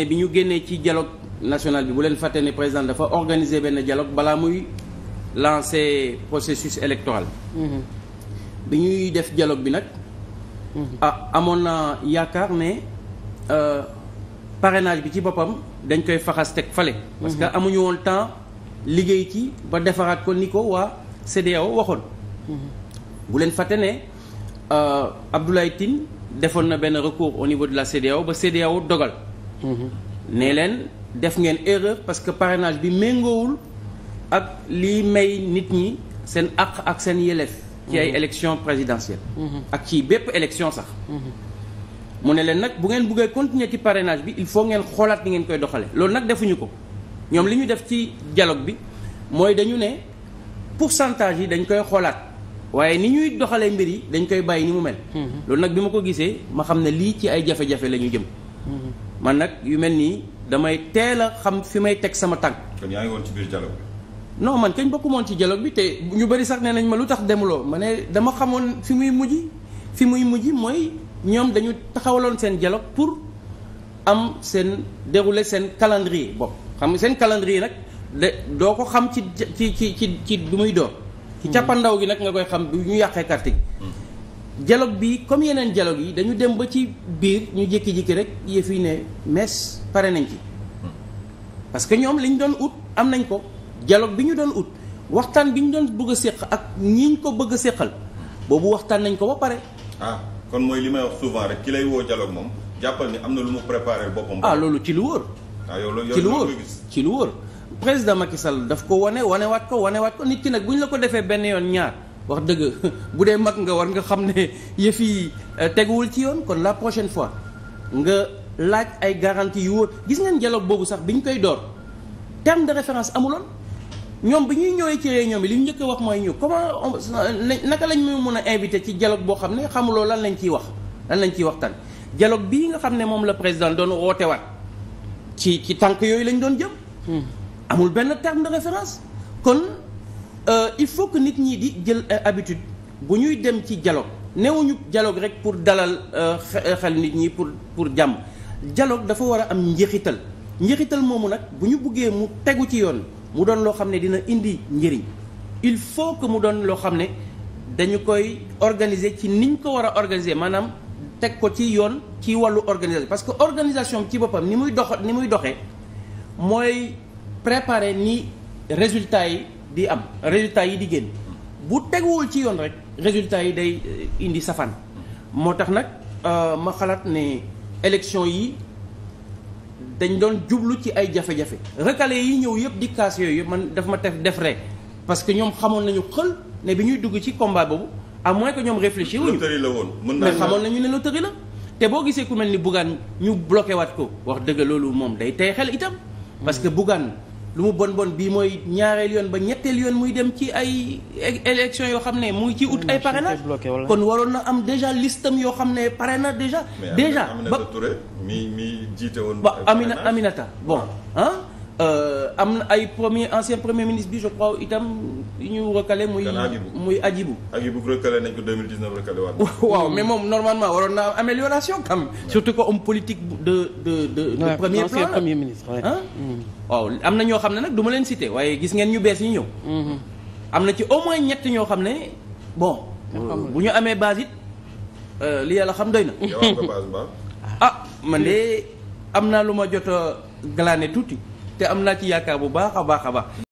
ne bi ñu génnee ci dialogue national bi bu leen fàtte ne président dafa organiser benn dialogue balaa muy lancer processus électoral. Mhm. bi ñuy def dialogue bi nag. Mhm. ah amoon na yaakaar ne euh, parrainage bi ci boppam dañ koy faxas teg fale. parce que mhm. amuñu woon temps liggéey ci ba defaraat ko ni ko waa CEDEAO waxoon. bu leen fàtte ne euh, Abdoulaye Tine defoon na benn recours au niveau de la CEDEAO ba CEDEAO dogal. ne leen def ngeen erreur parce que parrainage bi méngoowul ak lii may nit ñi seen àq ak seen yelleef. ci ay élection présidentielle ak ci bépp élection sax mu ne leen nag bu ngeen buggee continuer ci parrainage bi il faut ngeen xoolaat ni ngeen koy doxale loolu nag defuñu ko ñoom li ñu def ci dialogue bi mooy dañu ne pourcentage yi dañ koy xoolaat waaye ni ñuy doxalee mbir yi dañ koy bàyyi ni mu mel hmm. loolu nag bi ma ko gisee ma xam ne lii ci ay jafe la ñu jëm man nag yu mel nii damay teel xam fi may teg sama tànk. kon woon ci biir dialogue man kañ bokku moon ci dialogue bi te ñu bëri sax nee nañ ma lu tax demuloo ma ne dama xamoon fi muy mujj fi muy mujj mooy ñoom dañu taxawaloon seen dialogue pour am seen dérouler seen calendrier bopp xam nga seen calendrier nag de doo ko xam ci ci ci ci ci bi muy door. ci hmm. càppandaw gi nag nga koy xam bu ñu yàqee carte dialogue bi comme yeneen dialogue yi dañu dem ba ci biir ñu jékki-jékki rek yëf yi ne mees pare nañ ci parce que ñoom liñ doon ut am nañ ko dialogue bi ñu doon ut waxtaan bi ñu doon bëgg a séq ak ñiñ ko bëgg a séqal boobu waxtaan nañ ko ba pare ah kon mooy li may wax souvent rek ki lay woo dialogue moom jàppal ni am na lu mu préparé boppam ah loolu ci lu wóor ah, ci lu wóor ci lu wóor président Macky Sall daf ko wane wane wanewaat ko wane wanewaat ko nit ki nag bu ñu la ko defee benn yoon ñaar wax dëgg bu dee mag nga war nga xam ne yëfi yi euh, teguwul ci yoon kon la prochaine fois nga laaj ay garantie yu wóor gis ngeen dialogue boobu sax bi ñu koy door terme de référence amuloon ñoom bi ñuy ñëwee ci ñoom bi li ñu njëkk wax mooy ñu comment naka lañ mu mën a invité ci dialogue boo xam ne xamuloo lan lañ ciy wax lan lañ ciy waxtaan dialogue bii nga xam ne moom la président doon woote waat ci ci tànk yooyu lañ doon jëm hmm. amul benn terme de référence kon Euh, il faut que nit ñi di jël euh, habitude bu ñuy dem ci dialogue newuñu jaloog rek pour dalal euh, xel nit ñi pour pour jàmm dialogue dafa war a am njeexital njeexital moomu nag bu ñu buggee mu tegu ci yoon mu doon loo xam ne dina indi njëriñ il faut que mu doon loo xam ne dañu koy organiser ci niñ ko war a organiser maanaam teg ko ci yoon ci wàllu organisation parce que organisation ci boppam ni muy dox ni muy doxe mooy prépare ni résultat yi di am résultat yi di génn bu teguwul ci yoon rek résultat yi day eh, indi safaan moo tax nag euh, ma xalaat ne élection yi dañ doon jublu ci ay jafe-jafe recalé yi ñëw yëpp di kaas yooyu man daf ma tef def rek parce que ñoom xamoon nañu xël ne bi ñuy dugg ci combat boobu à moins que ñoom réfléchir wuñu loterie la woon mën naa mais xamoon nañu ne tëri la te boo gisee ku mel ni Bougane ñu bloqué waat ko wax dëgg loolu moom day tey xel itam parce que Bougane lu mu bon bon bii mooy ñaareel yoon ba ñetteel yoon muy dem ci ay élection yoo xam ne mu ngi ci ut mmh, ay parrainage kon waroon na am déjà listam yoo xam ne pare parrainage déjà déjà ba Aminata mi mi jiite woon ba Aminata Aminata bon ah Euh, am na ay premier ancien premier ministre bi je crois itam ñu recalé muy muy Hadjibou Hadjibou recalé nañ ko 2019 recalé waaw mais moom normalement waroon na amélioration quand même surtout que homme politique de de de, de ouais, premier plan premier ministre ah waaw am na ñoo xam ne nag du ma leen cité waaye gis ngeen ñu bees yi ñëw mm-hmm. am na ci au moins ñett ñoo xam ne bon bu ñu amee base it euh, li yàlla xam doy na ah man de am naa lu ma jot a tuuti te am naa ci yaakaar bu baax a baax a